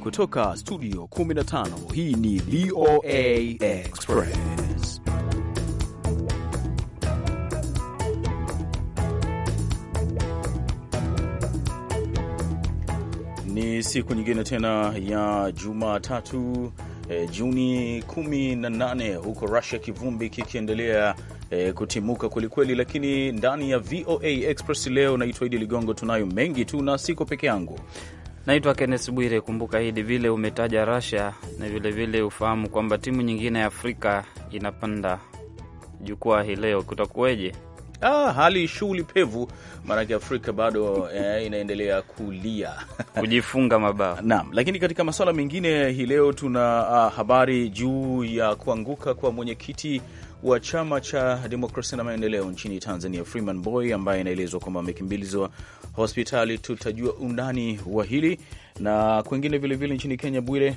Kutoka studio 15 hii ni VOA Express. Ni siku nyingine tena ya Jumatatu eh, Juni 18 huko Russia, kivumbi kikiendelea E, kutimuka kwelikweli, lakini ndani ya VOA Express leo naitwa Idi Ligongo. Tunayo mengi tu na siko peke yangu. Naitwa Kennes Bwire. Kumbuka hidi vile umetaja rasia na vilevile ufahamu kwamba timu nyingine ya Afrika inapanda jukwaa hii leo, kutakuweje? Ah, hali shughuli pevu, maanake Afrika bado eh, inaendelea kulia kujifunga mabao naam. Lakini katika masuala mengine hii leo tuna ah, habari juu ya kuanguka kwa mwenyekiti wa chama cha demokrasia na maendeleo nchini Tanzania, Freeman Boy, ambaye inaelezwa kwamba amekimbilizwa hospitali. Tutajua undani wa hili na kwengine vilevile. Nchini Kenya, Bwire,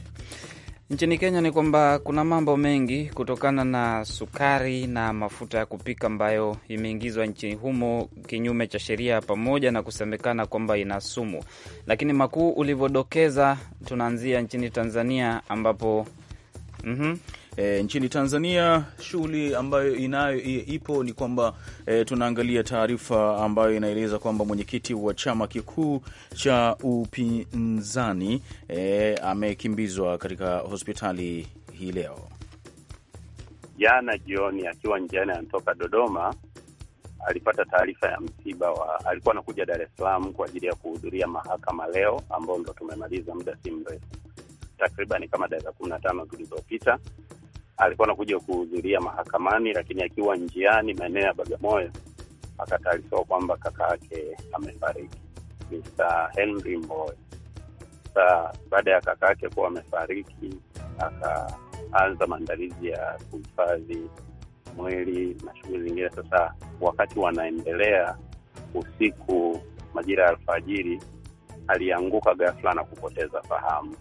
nchini Kenya ni kwamba kuna mambo mengi kutokana na sukari na mafuta ya kupika ambayo imeingizwa nchini humo kinyume cha sheria, pamoja na kusemekana kwamba ina sumu. Lakini makuu ulivyodokeza, tunaanzia nchini Tanzania ambapo mm -hmm. E, nchini Tanzania shughuli ambayo inayo ipo ni kwamba e, tunaangalia taarifa ambayo inaeleza kwamba mwenyekiti wa chama kikuu cha upinzani e, amekimbizwa katika hospitali hii leo. Jana jioni akiwa njiani anatoka Dodoma alipata taarifa ya msiba wa, alikuwa anakuja Dar es Salaam kwa ajili ya kuhudhuria mahakama leo, ambao ndo tumemaliza muda si mrefu, takriban kama dakika kumi na tano zilizopita alikuwa anakuja kuhudhuria mahakamani, lakini akiwa njiani maeneo ya Bagamoyo akataarifiwa kwamba kaka yake amefariki, Mr. Henry Mbowe. sa baada ya kaka yake kuwa amefariki, akaanza maandalizi ya kuhifadhi mwili na shughuli zingine. Sasa wakati wanaendelea usiku, majira ya alfajiri, alianguka ghafla na kupoteza fahamu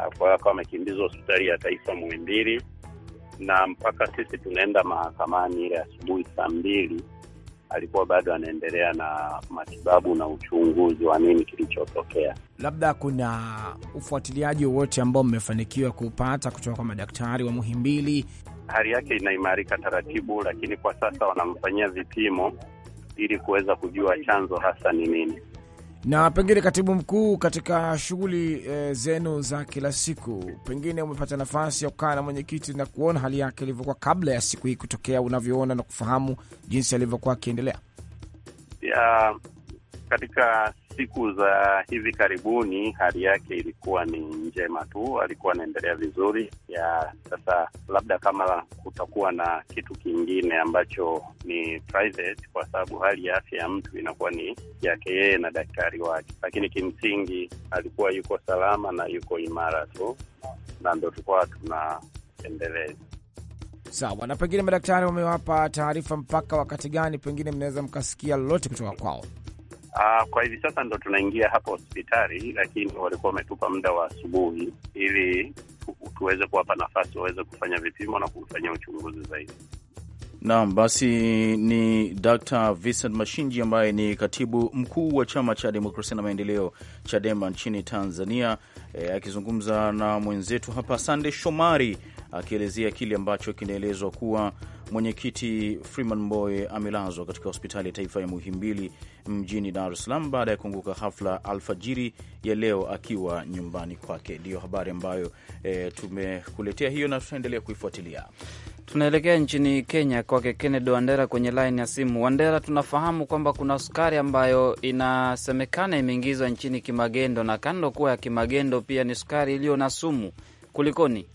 kwa hiyo akawa amekimbizwa hospitali ya taifa Muhimbili, na mpaka sisi tunaenda mahakamani ile asubuhi saa mbili alikuwa bado anaendelea na matibabu na uchunguzi wa nini kilichotokea. Labda kuna ufuatiliaji wowote ambao mmefanikiwa kupata kutoka kwa madaktari wa Muhimbili? Hali yake inaimarika taratibu, lakini kwa sasa wanamfanyia vipimo ili kuweza kujua chanzo hasa ni nini. Na pengine katibu mkuu, katika shughuli e, zenu za kila siku, pengine umepata nafasi ya kukaa na mwenyekiti na kuona hali yake ilivyokuwa kabla ya siku hii kutokea, unavyoona na kufahamu jinsi alivyokuwa akiendelea? Katika siku za hivi karibuni hali yake ilikuwa ni njema tu, alikuwa anaendelea vizuri. ya sasa, labda kama kutakuwa na kitu kingine ambacho ni private, kwa sababu hali ya afya ya mtu inakuwa ni yake yeye na daktari wake, lakini kimsingi alikuwa yuko salama na yuko imara tu, na ndo tukuwa tunaendeleza sawa. Na pengine madaktari wamewapa taarifa mpaka wakati gani, pengine mnaweza mkasikia lolote kutoka kwao? Aa, ah, kwa hivi sasa ndo tunaingia hapa hospitali, lakini walikuwa wametupa muda wa asubuhi ili tuweze kuwapa nafasi waweze kufanya vipimo na kufanyia uchunguzi zaidi. Naam, basi ni Dr. Vincent Mashinji ambaye ni katibu mkuu wa chama cha demokrasia na maendeleo Chadema nchini Tanzania, e, akizungumza na mwenzetu hapa Sande Shomari akielezea kile ambacho kinaelezwa kuwa mwenyekiti Freeman Mbowe amelazwa katika hospitali ya taifa ya Muhimbili mjini Dar es Salaam baada ya kuanguka hafla alfajiri ya leo akiwa nyumbani kwake. Ndiyo habari ambayo e, tumekuletea hiyo na tutaendelea kuifuatilia. Tunaelekea nchini Kenya kwake Kennedy Wandera kwenye laini ya simu. Wandera, tunafahamu kwamba kuna sukari ambayo inasemekana imeingizwa nchini kimagendo, na kando kuwa ya kimagendo pia ni sukari iliyo na sumu. Kulikoni?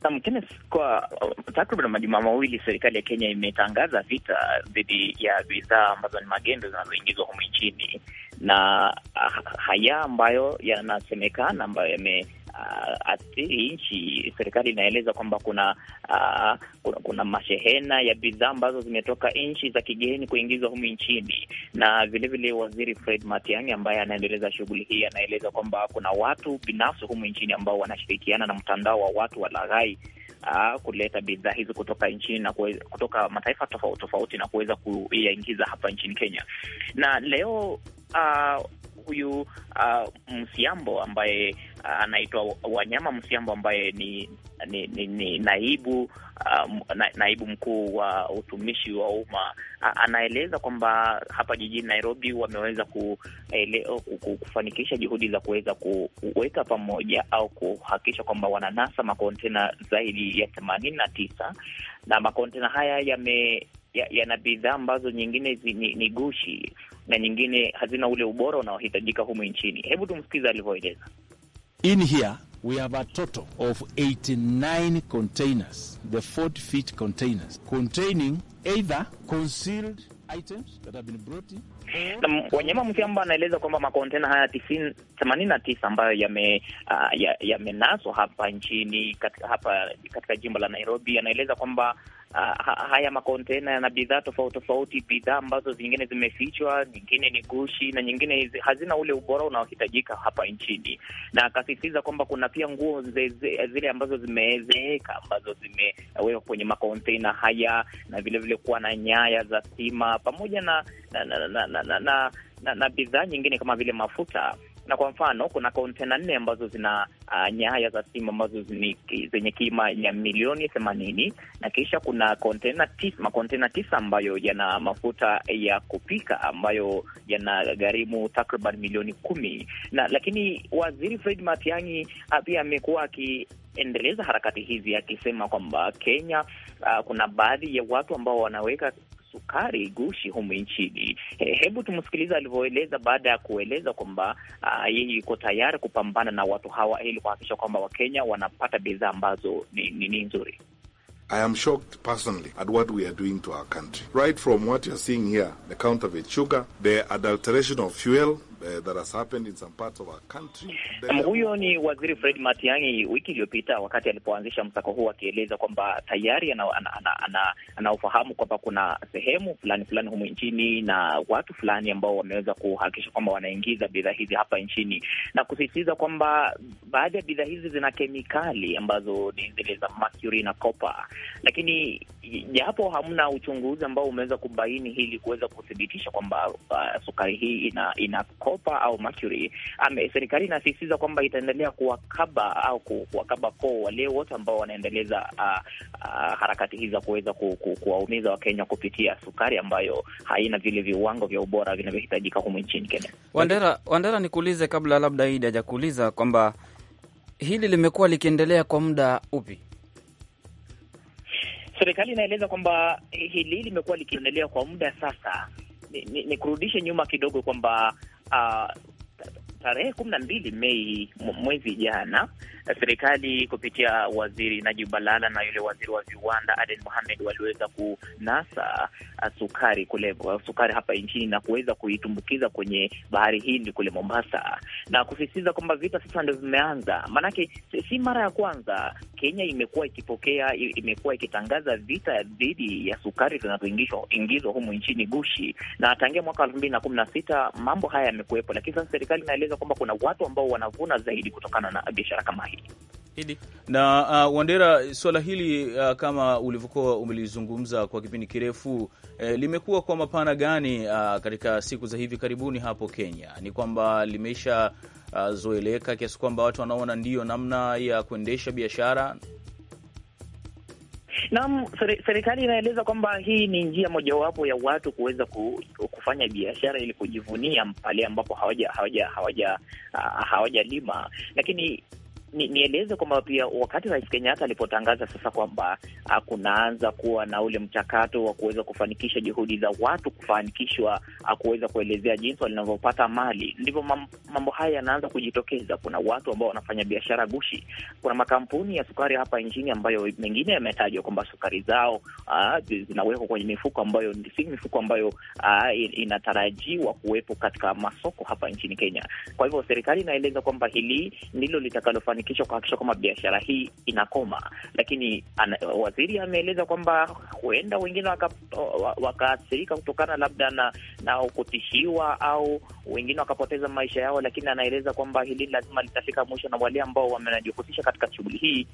Kenneth, kwa uh, takriban majuma mawili serikali ya Kenya imetangaza vita dhidi ya bidhaa ambazo ni magendo zinazoingizwa humu nchini, na uh, haya ambayo yanasemekana ambayo yame uh, nchi. Serikali inaeleza kwamba kuna, uh, kuna kuna mashehena ya bidhaa ambazo zimetoka nchi za kigeni kuingizwa humu nchini, na vilevile waziri Fred Matiang'i ambaye anaendeleza shughuli hii anaeleza kwamba kuna watu binafsi humu nchini ambao wanashirikiana na mtandao wa watu walaghai Uh, ah, kuleta bidhaa hizo kutoka nchini na kuweza, kutoka mataifa tofauti tofauti na kuweza kuyaingiza hapa nchini Kenya. Na leo uh, huyu uh, Msiambo ambaye uh, anaitwa Wanyama Msiambo ambaye ni, ni, ni, ni naibu uh, na, naibu mkuu wa uh, utumishi wa umma uh, anaeleza kwamba hapa jijini Nairobi wameweza ku, kufanikisha juhudi za kuweza kuweka pamoja au kuhakikisha kwamba wananasa makontena zaidi ya themanini na tisa na makontena haya yame yana ya bidhaa ambazo nyingine zi, ni, ni gushi na nyingine hazina ule ubora unaohitajika humu nchini. Hebu tumsikize alivyoeleza. In here we have a total of 89 containers, the 40 feet containers containing either concealed items that have been brought in. Hmm? Na Wanyama Msiamba anaeleza kwamba makontena haya tisini na tisa ambayo ah, yamenaswa uh, ya, ya hapa nchini katika, hapa katika jimbo la Nairobi, anaeleza kwamba Ah, ha, haya makontena na bidhaa tofauti tofauti, bidhaa ambazo zingine zimefichwa, nyingine ni gushi na nyingine hazina ule ubora unaohitajika hapa nchini, na akasisitiza kwamba kuna pia nguo zile ambazo zimezeeka ambazo zimewekwa kwenye makontena haya, na vilevile kuwa na nyaya za stima pamoja na na na, na, na, na, na, na bidhaa nyingine kama vile mafuta na kwa mfano kuna kontena nne ambazo zina uh, nyaya za simu ambazo zenye kima ya milioni themanini na kisha kuna kontena tisa, makontena tisa ambayo yana mafuta ya kupika ambayo yana gharimu takriban milioni kumi na lakini waziri Fred Matiang'i ah, pia amekuwa aki endeleza harakati hizi akisema kwamba Kenya, uh, kuna baadhi ya watu ambao wanaweka sukari gushi humu nchini. He, hebu tumsikiliza alivyoeleza baada ya kueleza kwamba ah, yeye yuko tayari kupambana na watu hawa ili kuhakikisha kwamba Wakenya wanapata bidhaa ambazo ni, ni, ni nzuri. I am shocked personally at what we are doing to our country. Right from what seeing here, the counterfeit sugar, the adulteration of fuel huyo ni Waziri Fred Matiang'i wiki iliyopita wakati alipoanzisha msako huu, akieleza kwamba tayari anaofahamu kwamba kuna sehemu fulani fulani humu nchini na watu fulani ambao wameweza kuhakikisha kwamba wanaingiza bidhaa hizi hapa nchini, na kusisitiza kwamba baadhi ya bidhaa hizi zina kemikali ambazo ni zile za mercury na copper, lakini japo hamna uchunguzi ambao umeweza kubaini hili kuweza kuthibitisha kwamba uh, sukari hii ina, ina Kopa au Mercury, serikali inasisitiza kwamba itaendelea kuwakaba au kuwakaba koo wale wote ambao wanaendeleza uh, uh, harakati hizi za kuweza kuwaumiza Wakenya kupitia sukari ambayo haina vile viwango vya ubora vinavyohitajika humu nchini Kenya. Wandera, Wandera, nikuulize kabla labda Idi hajakuuliza kwamba hili limekuwa likiendelea kwa muda upi? Serikali inaeleza kwamba hili limekuwa likiendelea kwa muda sasa. Ni, ni, ni nyuma kidogo kwamba uh, Tarehe kumi na mbili Mei mwezi jana, serikali kupitia waziri Najib Balala na yule waziri wa viwanda Aden Mohamed waliweza kunasa sukari kule sukari hapa nchini na kuweza kuitumbukiza kwenye bahari Hindi kule Mombasa, na kusisitiza kwamba vita sasa ndio vimeanza. Maanake si mara ya kwanza Kenya imekuwa ikipokea, imekuwa ikitangaza vita dhidi ya sukari zinazoingizwa humu nchini gushi, na tangia mwaka elfu mbili na kumi na sita mambo haya yamekuwepo, lakini sasa serikali inaeleza kueleza kwamba kuna watu ambao wanavuna zaidi kutokana na biashara kama hii na uh, Wandera, suala hili uh, kama ulivyokuwa umelizungumza kwa kipindi kirefu eh, limekuwa kwa mapana gani uh, katika siku za hivi karibuni hapo Kenya? Ni kwamba limesha uh, zoeleka kiasi kwamba watu wanaona ndiyo namna ya kuendesha biashara Naam, serikali inaeleza kwamba hii ni njia mojawapo ya watu kuweza kufanya biashara ili kujivunia pale ambapo hawaja hawaja hawaja ah, hawajalima, lakini nieleze kwamba pia wakati Rais Kenyatta alipotangaza sasa kwamba ah, kunaanza kuwa na ule mchakato wa kuweza kufanikisha juhudi za watu kufanikishwa ah, kuweza kuelezea jinsi walinavyopata mali, ndivyo mam, mambo haya yanaanza kujitokeza. Kuna watu ambao wanafanya biashara gushi, kuna makampuni ya sukari hapa nchini ambayo mengine yametajwa kwamba sukari zao ah, zinawekwa kwenye mifuko ambayo si mifuko ambayo aa, inatarajiwa kuwepo katika masoko hapa nchini Kenya. Kwa hivyo serikali inaeleza kwamba hili ndilo litakalofanikisha kufanikisha kuhakikisha kwamba biashara hii inakoma, lakini ana, waziri ameeleza kwamba huenda wengine wakaathirika waka kutokana labda na, na kutishiwa au wengine wakapoteza maisha yao, lakini anaeleza kwamba hili lazima litafika mwisho na wale ambao wamejihusisha katika shughuli hii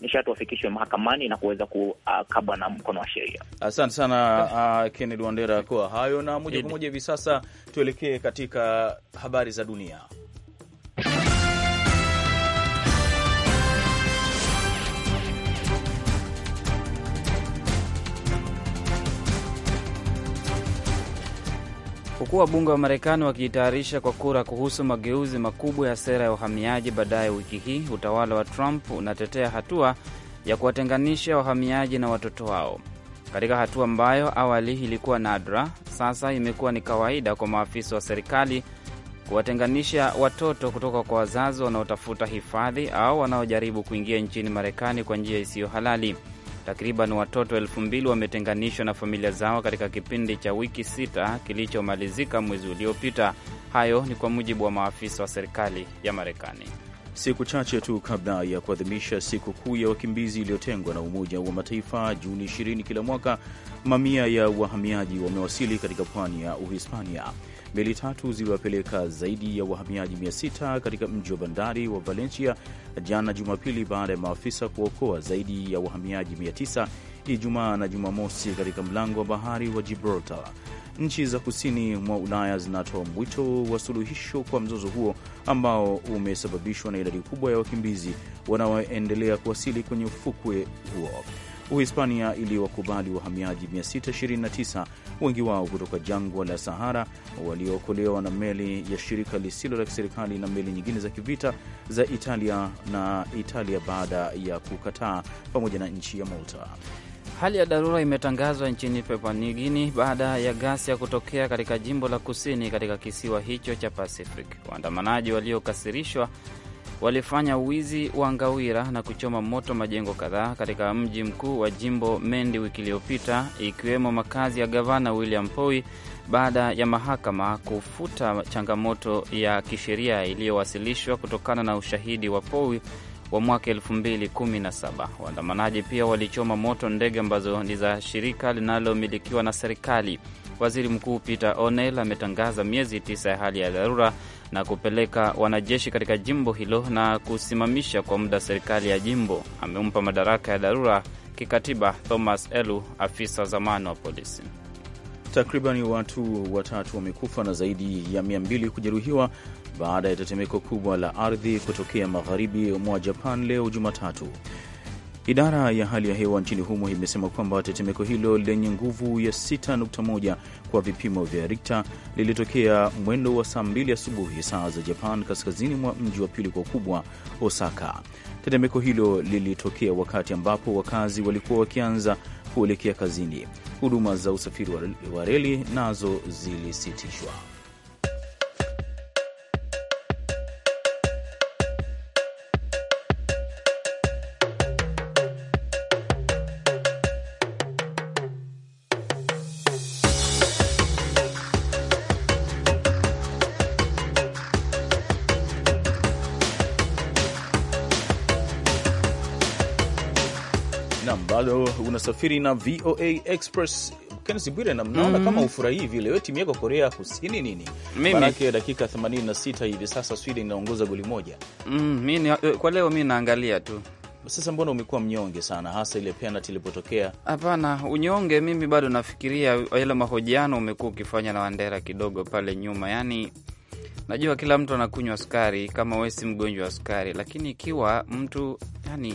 nishati wafikishwe mahakamani na kuweza kukabwa na mkono wa sheria. Asante sana uh, Kennedy Wandera kwa hayo, na moja kwa moja hivi sasa tuelekee katika habari za dunia. huku wabunge wa Marekani wakiitayarisha kwa kura kuhusu mageuzi makubwa ya sera ya uhamiaji baadaye wiki hii. Utawala wa Trump unatetea hatua ya kuwatenganisha wahamiaji na watoto wao katika hatua ambayo awali ilikuwa nadra. Sasa imekuwa ni kawaida kwa maafisa wa serikali kuwatenganisha watoto kutoka kwa wazazi wanaotafuta hifadhi au wanaojaribu kuingia nchini Marekani kwa njia isiyo halali. Takriban watoto elfu mbili wametenganishwa na familia zao katika kipindi cha wiki sita kilichomalizika mwezi uliopita. Hayo ni kwa mujibu wa maafisa wa serikali ya Marekani. Siku chache tu kabla ya kuadhimisha siku kuu ya wakimbizi iliyotengwa na Umoja wa Mataifa Juni 20 kila mwaka, mamia ya wahamiaji wamewasili katika pwani ya Uhispania. Meli tatu ziliwapeleka zaidi ya wahamiaji 600 katika mji wa bandari wa Valencia jana Jumapili, baada ya maafisa kuokoa zaidi ya wahamiaji 900 Ijumaa na Jumamosi katika mlango wa bahari wa Gibraltar. Nchi za kusini mwa Ulaya zinatoa mwito wa suluhisho kwa mzozo huo ambao umesababishwa na idadi kubwa ya wakimbizi wanaoendelea kuwasili kwenye ufukwe huo. Uhispania iliwakubali wahamiaji 629 wengi wao kutoka jangwa la Sahara waliookolewa na meli ya shirika lisilo la kiserikali na meli nyingine za kivita za Italia na Italia baada ya kukataa pamoja na nchi ya Malta. Hali ya dharura imetangazwa nchini Papua New Guinea baada ya ghasia kutokea katika jimbo la kusini katika kisiwa hicho cha Pacific. Waandamanaji waliokasirishwa walifanya wizi wa ngawira na kuchoma moto majengo kadhaa katika mji mkuu wa jimbo Mendi wiki iliyopita, ikiwemo makazi ya gavana William Poi baada ya mahakama kufuta changamoto ya kisheria iliyowasilishwa kutokana na ushahidi wa Poi wa mwaka 2017. Waandamanaji pia walichoma moto ndege ambazo ni za shirika linalomilikiwa na serikali. Waziri Mkuu Peter O'Neill ametangaza miezi tisa ya hali ya dharura na kupeleka wanajeshi katika jimbo hilo na kusimamisha kwa muda serikali ya jimbo. Amempa madaraka ya dharura kikatiba Thomas Elu, afisa zamani wa polisi. Takribani watu watatu wamekufa na zaidi ya 20 kujeruhiwa baada ya tetemeko kubwa la ardhi kutokea magharibi mwa Japan leo Jumatatu. Idara ya hali ya hewa nchini humo imesema kwamba tetemeko hilo lenye nguvu ya 6.1 kwa vipimo vya Rikta lilitokea mwendo wa saa 2 asubuhi saa za Japan, kaskazini mwa mji wa pili kwa ukubwa Osaka. Tetemeko hilo lilitokea wakati ambapo wakazi walikuwa wakianza kuelekea kazini. Huduma za usafiri wa reli nazo zilisitishwa. bado unasafiri na VOA Express. Kenesi Bwire, namnaona mm -hmm. kama ufurahii vile we timu yako Korea Kusini nini? Manake dakika 86 hivi sasa Sweden inaongoza goli moja. Mm, mimi eh, kwa leo mi naangalia tu. Sasa mbona umekuwa mnyonge sana, hasa ile penalty ilipotokea? Hapana unyonge, mimi bado nafikiria yale mahojiano umekuwa ukifanya na Wandera kidogo pale nyuma, yani najua kila mtu anakunywa sukari, kama we si mgonjwa wa sukari, lakini ikiwa mtu yani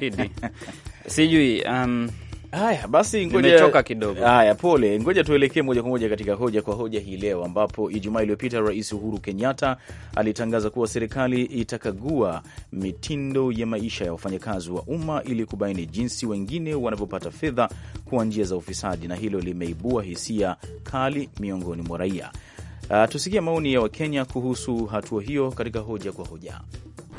Idi. Sijui um, haya basi, ngoja nimechoka kidogo. Haya, pole, ngoja tuelekee moja kwa moja katika hoja kwa hoja hii leo, ambapo Ijumaa iliyopita Rais Uhuru Kenyatta alitangaza kuwa serikali itakagua mitindo ya maisha ya wafanyakazi wa umma ili kubaini jinsi wengine wanavyopata fedha kwa njia za ufisadi, na hilo limeibua hisia kali miongoni mwa raia. Uh, tusikie maoni ya Wakenya kuhusu hatua hiyo katika hoja kwa hoja.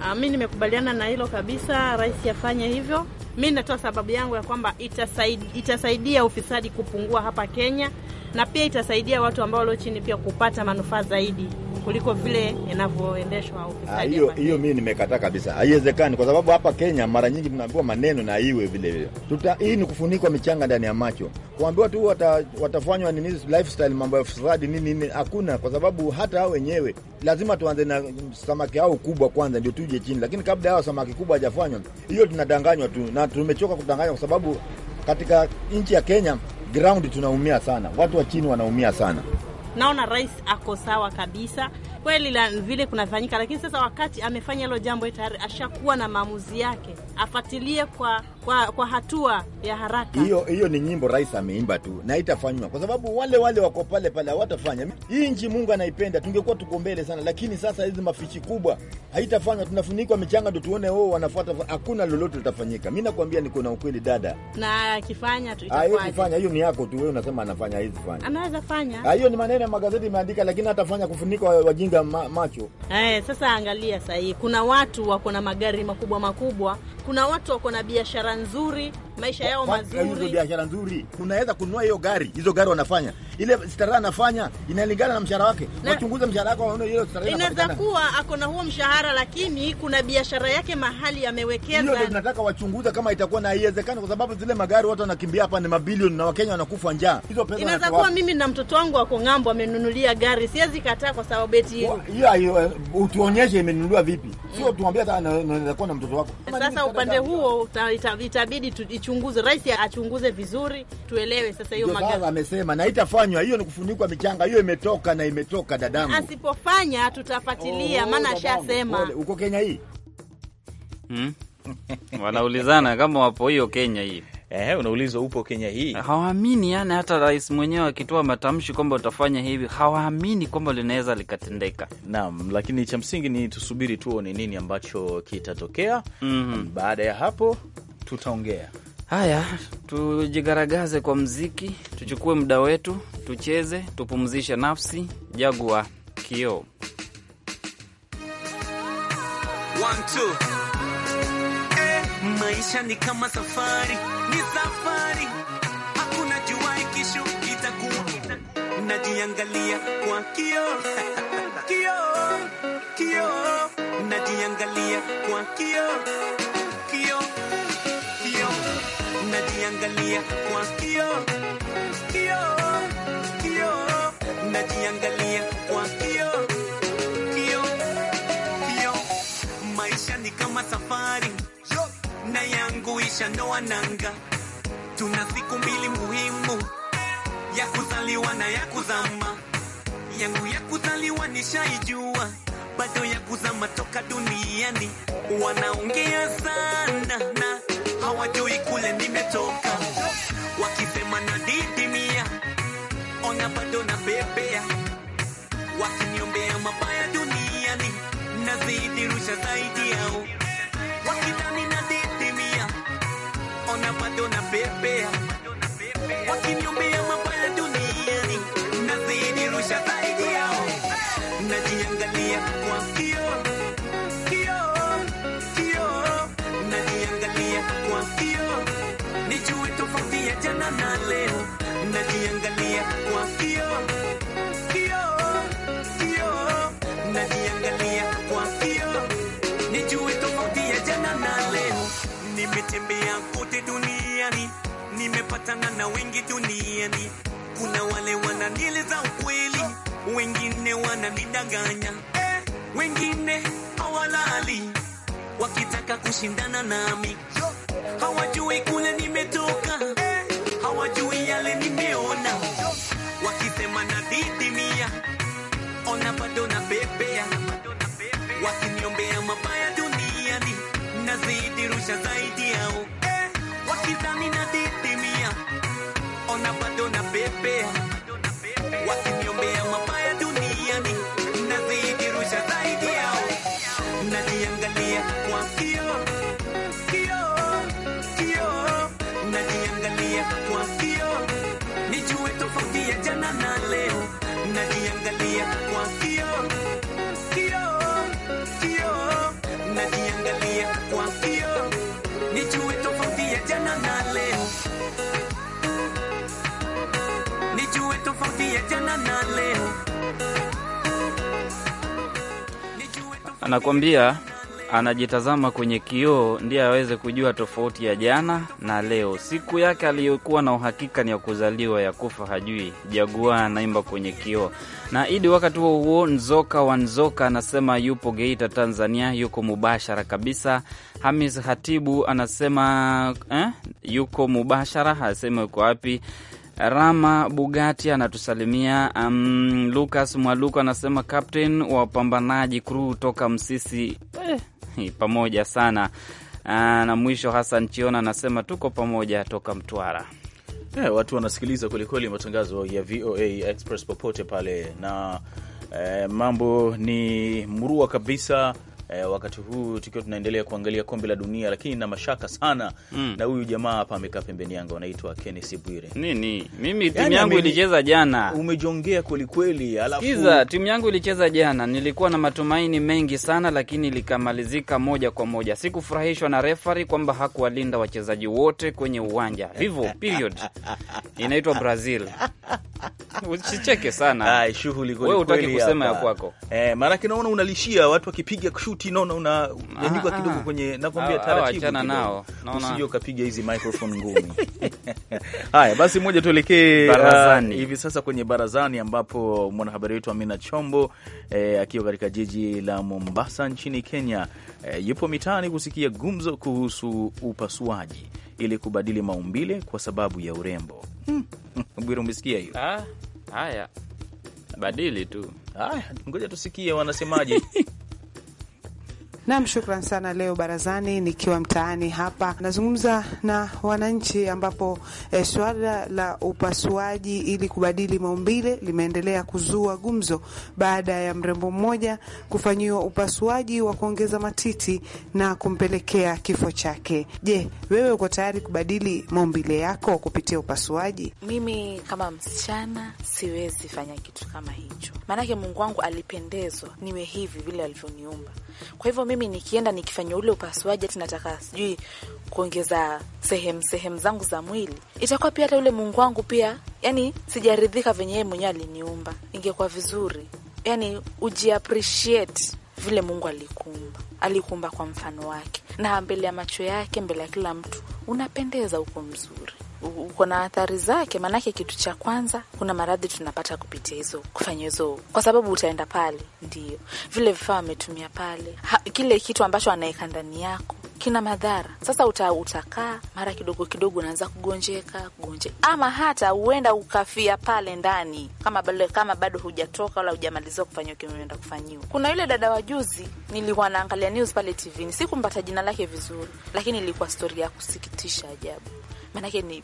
Ah, mi nimekubaliana na hilo kabisa, rais afanye hivyo. Mi natoa sababu yangu ya kwamba itasaidia, itasaidia ufisadi kupungua hapa Kenya, na pia itasaidia watu ambao walio chini pia kupata manufaa zaidi kuliko vile inavyoendeshwa ufisadi. Ah, hiyo hiyo mimi nimekataa kabisa, haiwezekani, kwa sababu hapa Kenya mara nyingi tunaambiwa maneno na iwe vile vile. Tuta, hii ni kufunikwa michanga ndani ya macho, kuambiwa tu wata, watafanywa nini, lifestyle mambo ya ufisadi nini nini, hakuna, kwa sababu hata hao wenyewe lazima tuanze na samaki hao kubwa kwanza ndio tuje chini, lakini kabla hao samaki kubwa hajafanywa, hiyo tunadanganywa tu na tumechoka kudanganywa, kwa sababu katika nchi ya Kenya ground tunaumia sana, watu wa chini wanaumia sana naona rais ako sawa kabisa kweli la vile kunafanyika, lakini sasa wakati amefanya hilo jambo tayari ashakuwa na maamuzi yake, afatilie kwa kwa, kwa hatua ya haraka. Hiyo hiyo ni nyimbo rais ameimba tu na itafanywa kwa sababu wale wale wako pale pale hawatafanya. Hii nchi Mungu anaipenda, tungekuwa tuko mbele sana, lakini sasa hizi mafichi kubwa haitafanywa, tunafunikwa michanga ndio tuone wao oh, wanafuata, hakuna lolote litafanyika. Mimi nakwambia niko na ukweli dada, na akifanya tu itakuwa hiyo ni yako tu, wewe unasema anafanya hizi fanya, anaweza fanya ah, hiyo, ni maneno ya magazeti imeandika, lakini atafanya kufunika wajinga ma, macho. Eh, sasa angalia sasa hii, kuna watu wako na magari makubwa makubwa, kuna watu wako na biashara sura nzuri maisha yao mazuri, biashara nzuri, unaweza kununua hiyo gari, hizo gari wanafanya ile stara anafanya inalingana na mshahara wake. Wachunguze mshahara wake waone ile stara inaweza kuwa ako na huo mshahara, lakini kuna biashara yake mahali amewekeza. Hiyo ndio tunataka wachunguze, kama itakuwa na haiwezekani, kwa sababu zile magari watu wanakimbia hapa ni mabilioni na Wakenya wanakufa njaa. Hizo pesa inaweza kuwa mimi na mtoto wangu wako ng'ambo amenunulia gari, siwezi kataa kwa sababu eti hiyo hiyo, eh, utuonyeshe imenunuliwa vipi, sio mm. tuambie hata na mtoto wako. Sasa upande huo itabidi wachunguze, rais achunguze vizuri, tuelewe sasa hiyo magari. Amesema na itafanywa hiyo, ni kufunikwa michanga hiyo, imetoka na imetoka dadangu. Asipofanya tutafuatilia, oh, maana ashasema uko Kenya hii hmm? wanaulizana kama wapo hiyo Kenya hii Eh, unaulizwa upo Kenya hii, hawaamini yani. Hata rais mwenyewe akitoa matamshi kwamba utafanya hivi, hawaamini kwamba linaweza likatendeka. Naam, lakini cha msingi ni tusubiri tuone nini ambacho kitatokea. mm -hmm. Baada ya hapo tutaongea. Haya, tujigaragaze kwa mziki, tuchukue muda wetu, tucheze, tupumzishe nafsi. Jagua Kioo. Eh, maisha ni kama safari, ni safari, hakuna jua ikishu itakuwa, najiangalia kwa kioo kioo kioo, najiangalia kwa kioo najiangalia kwa kio kio kioo, najiangalia kwa kio kio kio Maisha ni kama safari na yangu isha ndoa nanga, tuna siku mbili muhimu ya kuzaliwa na ya kuzama. Yangu ya kuzaliwa nishaijua, bado ya kuzama toka duniani wanaongea sana na hawajui kule nimetoka, wakisema didimia, ona bado na bebea, wakiniombea mabaya duniani, nazidi rusha zaidi yao vijana wengi duniani. Kuna wale wananieleza ukweli, wengine wananidanganya, eh, wengine hawalali wakitaka kushindana nami, hawajui kule nimetoka, eh, hawajui yale nimeona, wakisema na didimia, ona bado na bebe anakwambia anajitazama kwenye kioo ndiye aweze kujua tofauti ya jana na leo. Siku yake aliyokuwa na uhakika ni ya kuzaliwa, ya kufa hajui. Jagua anaimba kwenye kioo na Idi. Wakati huo huo, Nzoka wa Nzoka anasema yupo Geita, Tanzania, yuko mubashara kabisa. Hamis Hatibu anasema eh, yuko mubashara, asema yuko wapi. Rama Bugati anatusalimia. Um, Lucas Mwaluko anasema captain wa wapambanaji crew toka Msisi eh, pamoja sana. Uh, na mwisho Hassan Chiona anasema tuko pamoja toka Mtwara. Yeah, watu wanasikiliza kwelikweli matangazo ya VOA Express popote pale na eh, mambo ni murua kabisa eh, wakati huu tukiwa tunaendelea kuangalia kombe la dunia, lakini na mashaka sana mm. na huyu jamaa hapa amekaa pembeni yangu anaitwa Kenneth Bwire. Nini? Mimi yaani timu yani, yangu ilicheza jana. Umejongea kwelikweli, alafu timu yangu ilicheza jana, nilikuwa na matumaini mengi sana lakini likamalizika moja kwa moja. Sikufurahishwa na refari kwamba hakuwalinda wachezaji wote kwenye uwanja, hivyo period inaitwa Brazil usicheke sana. Ai, shughuli kweli. Wewe utaki kusema ya kwako. Eh, maana kina unaona unalishia watu wakipiga kushuti naona una ah, kidogo ah. kwenye nakwambia taratibu. Achana nao. Naona usije ukapiga hizi microphone ngumu. Haya, basi moja tuelekee ah, barazani. hivi Uh, sasa kwenye barazani ambapo mwanahabari wetu Amina Chombo eh, akiwa katika jiji la Mombasa nchini Kenya eh, yupo mitaani kusikia gumzo kuhusu upasuaji ili kubadili maumbile kwa sababu ya urembo. Hmm. Bwira, umesikia hiyo? Ah. Haya, badili tu. Haya, ngoja tusikie wanasemaje. Nam, shukran sana. Leo barazani nikiwa mtaani hapa nazungumza na wananchi, ambapo eh, suala la upasuaji ili kubadili maumbile limeendelea kuzua gumzo baada ya mrembo mmoja kufanyiwa upasuaji wa kuongeza matiti na kumpelekea kifo chake. Je, wewe uko tayari kubadili maumbile yako kupitia upasuaji? Mimi kama msichana siwezi fanya kitu kama hicho, maanake Mungu wangu alipendezwa niwe hivi vile alivyoniumba. Kwa hivyo mimi mimi nikienda nikifanya ule upasuaji, ati nataka sijui kuongeza sehemu sehemu zangu za mwili, itakuwa pia hata ule Mungu wangu pia, yani sijaridhika venye yeye mwenyewe aliniumba. Ingekuwa vizuri yani uji vile Mungu alikuumba, alikuumba kwa mfano wake, na mbele ya macho yake, mbele ya kila mtu unapendeza, uko mzuri uko na athari zake, maanake kitu cha kwanza, kuna maradhi tunapata kupitia hizo kufanya hizo, kwa sababu utaenda pale, ndio vile vifaa wametumia pale ha, kile kitu ambacho anaweka ndani yako kina madhara. Sasa uta, utakaa mara kidogo kidogo unaanza kugonjeka gonje, ama hata huenda ukafia pale ndani, kama bado, kama bado hujatoka wala hujamaliziwa kufanywa kinaenda kufanyiwa. Kuna yule dada wa juzi nilikuwa naangalia news pale TV, sikumpata jina lake vizuri, lakini ilikuwa stori ya kusikitisha ajabu maanake ni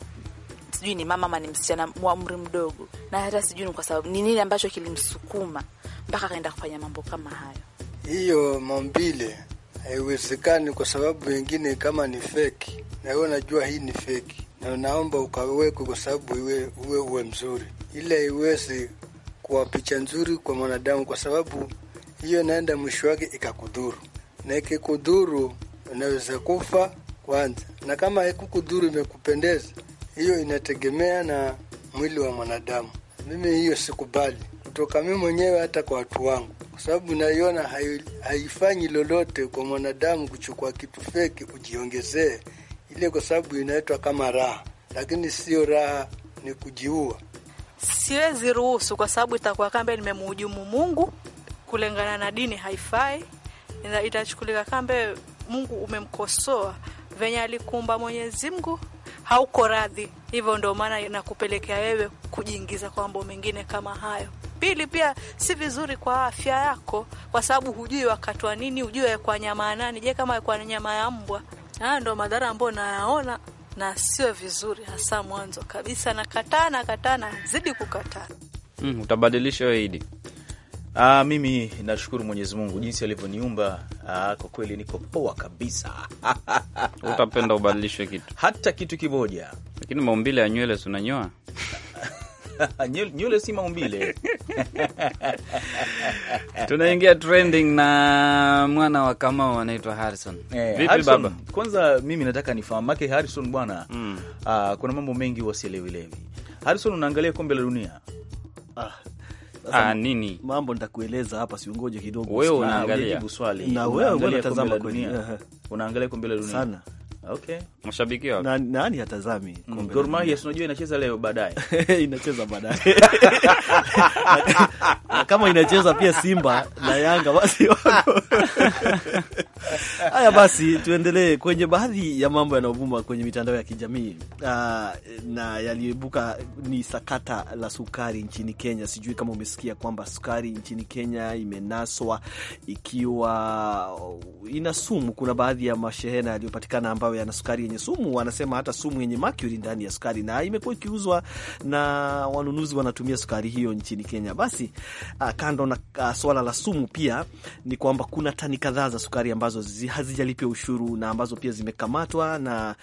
sijui ni mama ama ni msichana wa umri mdogo, na hata sijui ni kwa sababu ni nini ambacho kilimsukuma mpaka akaenda kufanya mambo kama hayo. Hiyo maumbile haiwezekani, kwa sababu wengine kama ni feki, na wewe unajua hii ni feki, na unaomba ukawekwe kwa sababu uwe uwe, uwe mzuri, ili haiwezi kuwa picha nzuri kwa mwanadamu, kwa sababu hiyo naenda mwisho wake ikakudhuru, na ikikudhuru unaweza kufa kwanza, na kama kuku dhuru imekupendeza, hiyo inategemea na mwili wa mwanadamu. Mimi hiyo sikubali kutoka mimi mwenyewe hata kwa watu wangu, kwa sababu naiona haifanyi lolote kwa mwanadamu kuchukua kitu feki ujiongezee ile, kwa sababu inaitwa kama raha, lakini sio raha, ni kujiua. Siwezi ruhusu kwa sababu itakuwa kambe nimemhujumu Mungu. Kulingana na dini haifai, itachukulika kambe Mungu umemkosoa venye alikumba Mwenyezi Mungu hauko radhi, hivyo ndio maana inakupelekea wewe kujiingiza kwa mambo mengine kama hayo. Pili, pia si vizuri kwa afya yako, kwa sababu hujui wakati wa nini, hujui kwa nyama nani. Je, kama kwa nyama ya mbwa? Haya ndio madhara ambayo nayaona na sio vizuri, hasa mwanzo kabisa. Nakataa, nakataa, nazidi kukataa. Mm, utabadilisha wewe Idi. Ah, mimi nashukuru Mwenyezi Mungu jinsi alivyoniumba. Ah, kwa kweli niko poa kabisa. Utapenda ubadilishwe kitu hata kitu kimoja, lakini maumbile ya nywele sunanyoa nywele si maumbile. Tunaingia trending na mwana wa Kamau anaitwa Harrison. Eh, vipi baba? Kwanza mimi nataka nifahamu make Harrison bwana, mm. Ah, kuna mambo mengi wasielewilewi. Harrison, unaangalia kombe la dunia ah. Ah, nini mambo nitakueleza hapa, siungoje kidogo, wewe ah, unaangalia na wewe unatazama unaangalia kombe la dunia sana. Okay. Mashabiki Na, nani hatazami? Mm, Gor Mahia unajua inacheza leo baadaye. Inacheza baadaye. Kama inacheza pia Simba na Yanga basi wako. Haya basi, tuendelee kwenye baadhi ya mambo yanayovuma kwenye mitandao ya kijamii. Uh, na yaliyoibuka ni sakata la sukari nchini Kenya. Sijui kama umesikia kwamba sukari nchini Kenya imenaswa ikiwa ina sumu. Kuna baadhi ya mashehena yaliyopatikana ambayo yana sukari yenye sumu, wanasema hata sumu yenye mercury ndani ya sukari, na imekuwa ikiuzwa na wanunuzi wanatumia sukari hiyo nchini Kenya. Basi uh, kando na uh, swala la sumu, pia ni kwamba kuna tani kadhaa za sukari ambazo ambazo hazijalipia ushuru na ambazo pia zimekamatwa na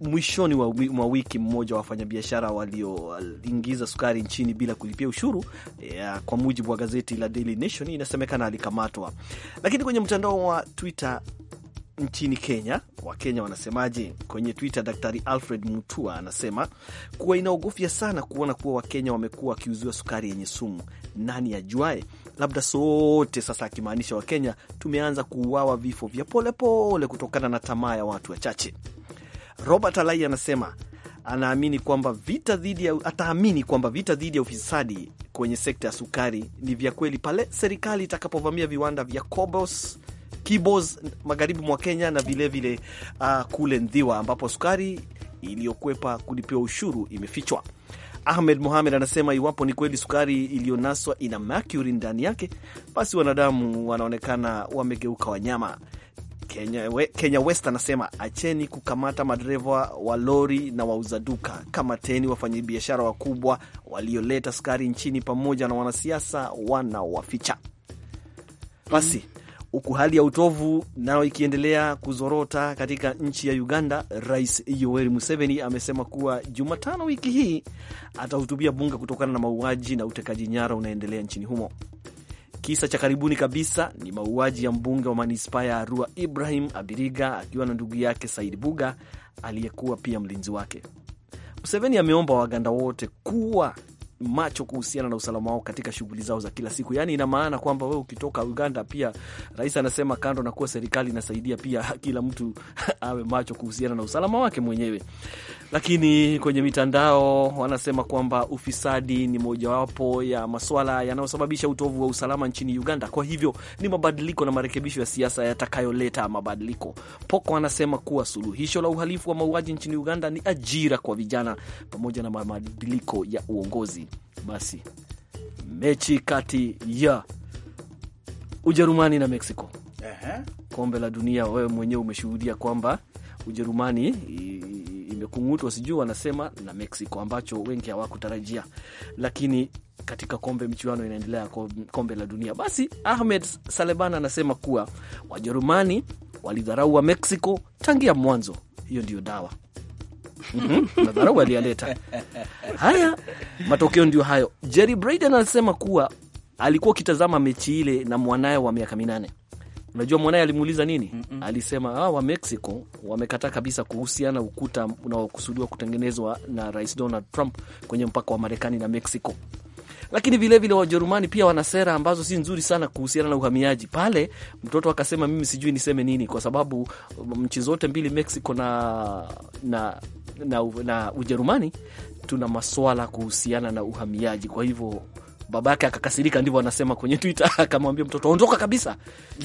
mwishoni mwa wiki mmoja wa wafanyabiashara walioingiza sukari nchini bila kulipia ushuru ya, kwa mujibu wa gazeti la Daily Nation inasemekana alikamatwa. Lakini kwenye mtandao wa Twitter nchini Kenya, Wakenya wanasemaje? Kwenye Twitter, Daktari Alfred Mutua anasema kuwa inaogofya sana kuona kuwa Wakenya wamekuwa wakiuziwa sukari yenye sumu. Nani ajuae labda sote sasa, akimaanisha Wakenya, tumeanza kuuawa vifo vya polepole pole kutokana na tamaa ya watu wachache. Robert Alai anasema anaamini kwamba vita dhidi ya ataamini kwamba vita dhidi ya ufisadi kwenye sekta ya sukari ni vya kweli pale serikali itakapovamia viwanda vya Kobos Kibos magharibi mwa Kenya na vilevile vile, uh, kule Ndhiwa ambapo sukari iliyokwepa kulipiwa ushuru imefichwa. Ahmed Mohamed anasema iwapo ni kweli sukari iliyonaswa ina mercury ndani yake, basi wanadamu wanaonekana wamegeuka wanyama. Kenya, we, Kenya West anasema acheni kukamata madereva wa lori na wauza duka, kamateni wafanyabiashara wakubwa walioleta sukari nchini pamoja na wanasiasa wanawaficha. Basi mm huku hali ya utovu nayo ikiendelea kuzorota katika nchi ya Uganda, Rais Yoweri Museveni amesema kuwa Jumatano wiki hii atahutubia bunge kutokana na mauaji na utekaji nyara unaendelea nchini humo. Kisa cha karibuni kabisa ni mauaji ya mbunge wa manispaa ya Arua Ibrahim Abiriga akiwa na ndugu yake Said Buga aliyekuwa pia mlinzi wake. Museveni ameomba Waganda wote kuwa macho kuhusiana na usalama wao katika shughuli zao za kila siku. Yani ina maana kwamba wewe ukitoka Uganda, pia rais anasema kando na kuwa serikali inasaidia, pia kila mtu awe macho kuhusiana na usalama wake mwenyewe. Lakini kwenye mitandao wanasema kwamba ufisadi ni mojawapo ya maswala yanayosababisha utovu wa usalama nchini Uganda. Kwa hivyo ni mabadiliko na marekebisho ya siasa yatakayoleta mabadiliko. Poko anasema kuwa suluhisho la uhalifu wa mauaji nchini Uganda ni ajira kwa vijana pamoja na mabadiliko ya uongozi. Basi mechi kati ya Ujerumani na Mexico Kombe la Dunia, wewe mwenyewe umeshuhudia kwamba Ujerumani kungutwa sijui wanasema na Mexico, ambacho wengi hawakutarajia, lakini katika kombe michuano inaendelea, kombe la dunia. Basi Ahmed Saleban anasema kuwa Wajerumani walidharau wa Mexico tangia mwanzo. Hiyo ndiyo dawa madharau mhm, aliyaleta haya matokeo ndio hayo. Jerry Braden anasema kuwa alikuwa ukitazama mechi ile na mwanaye wa miaka minane Unajua mwanaye alimuuliza nini? mm -mm. Alisema ah, wa Mexico wamekataa kabisa kuhusiana ukuta unaokusudiwa kutengenezwa na Rais Donald Trump kwenye mpaka wa Marekani na Mexico. Lakini vilevile Wajerumani pia wana sera ambazo si nzuri sana kuhusiana na uhamiaji. Pale mtoto akasema mimi sijui niseme nini, kwa sababu um, nchi zote mbili Mexico na, na, na, na Ujerumani tuna maswala kuhusiana na uhamiaji, kwa hivyo Babake akakasirika, ndivyo anasema kwenye Twitter, akamwambia mtoto, ondoka kabisa,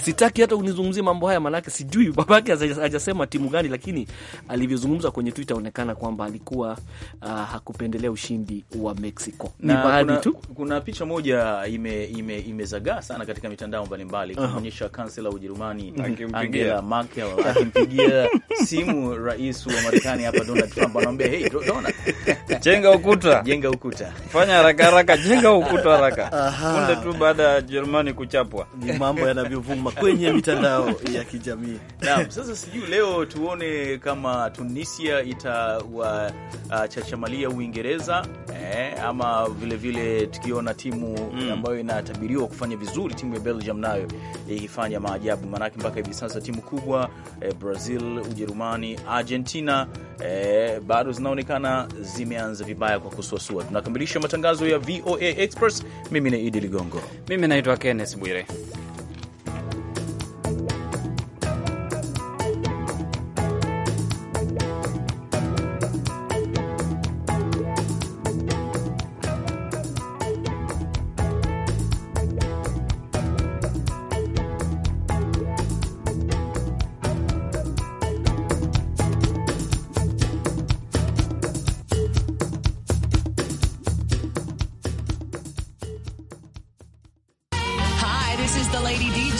sitaki hata unizungumzie mambo haya, manake sijui. Babake hajasema timu gani, lakini alivyozungumza kwenye Twitter aonekana kwamba alikuwa uh, hakupendelea ushindi wa Mexico. Ni baadhi tu. Kuna picha moja ime, ime, imezagaa sana katika mitandao mbalimbali kuonyesha kansela wa Ujerumani Angela Merkel akimpigia simu rais wa Marekani hapa Donald Trump, anamwambia hey, Donald jenga ukuta, jenga ukuta, fanya haraka haraka, jenga ukuta haraka punde tu baada ya Jerumani kuchapwa. Ni mambo yanavyovuma kwenye mitandao ya kijamii. Naam, sasa sijui leo tuone kama Tunisia itawachachamalia uh, Uingereza eh, ama vilevile tukiona timu mm. ambayo inatabiriwa kufanya vizuri, timu ya Belgium nayo ikifanya eh, maajabu, maanake mpaka hivi sasa timu kubwa eh, Brazil, Ujerumani, Argentina eh, bado zinaonekana zimeanza vibaya kwa kusuasua. Tunakamilisha matangazo ya VOA Express. Mimi ni Idi Ligongo, mimi naitwa Kenneth Bwire.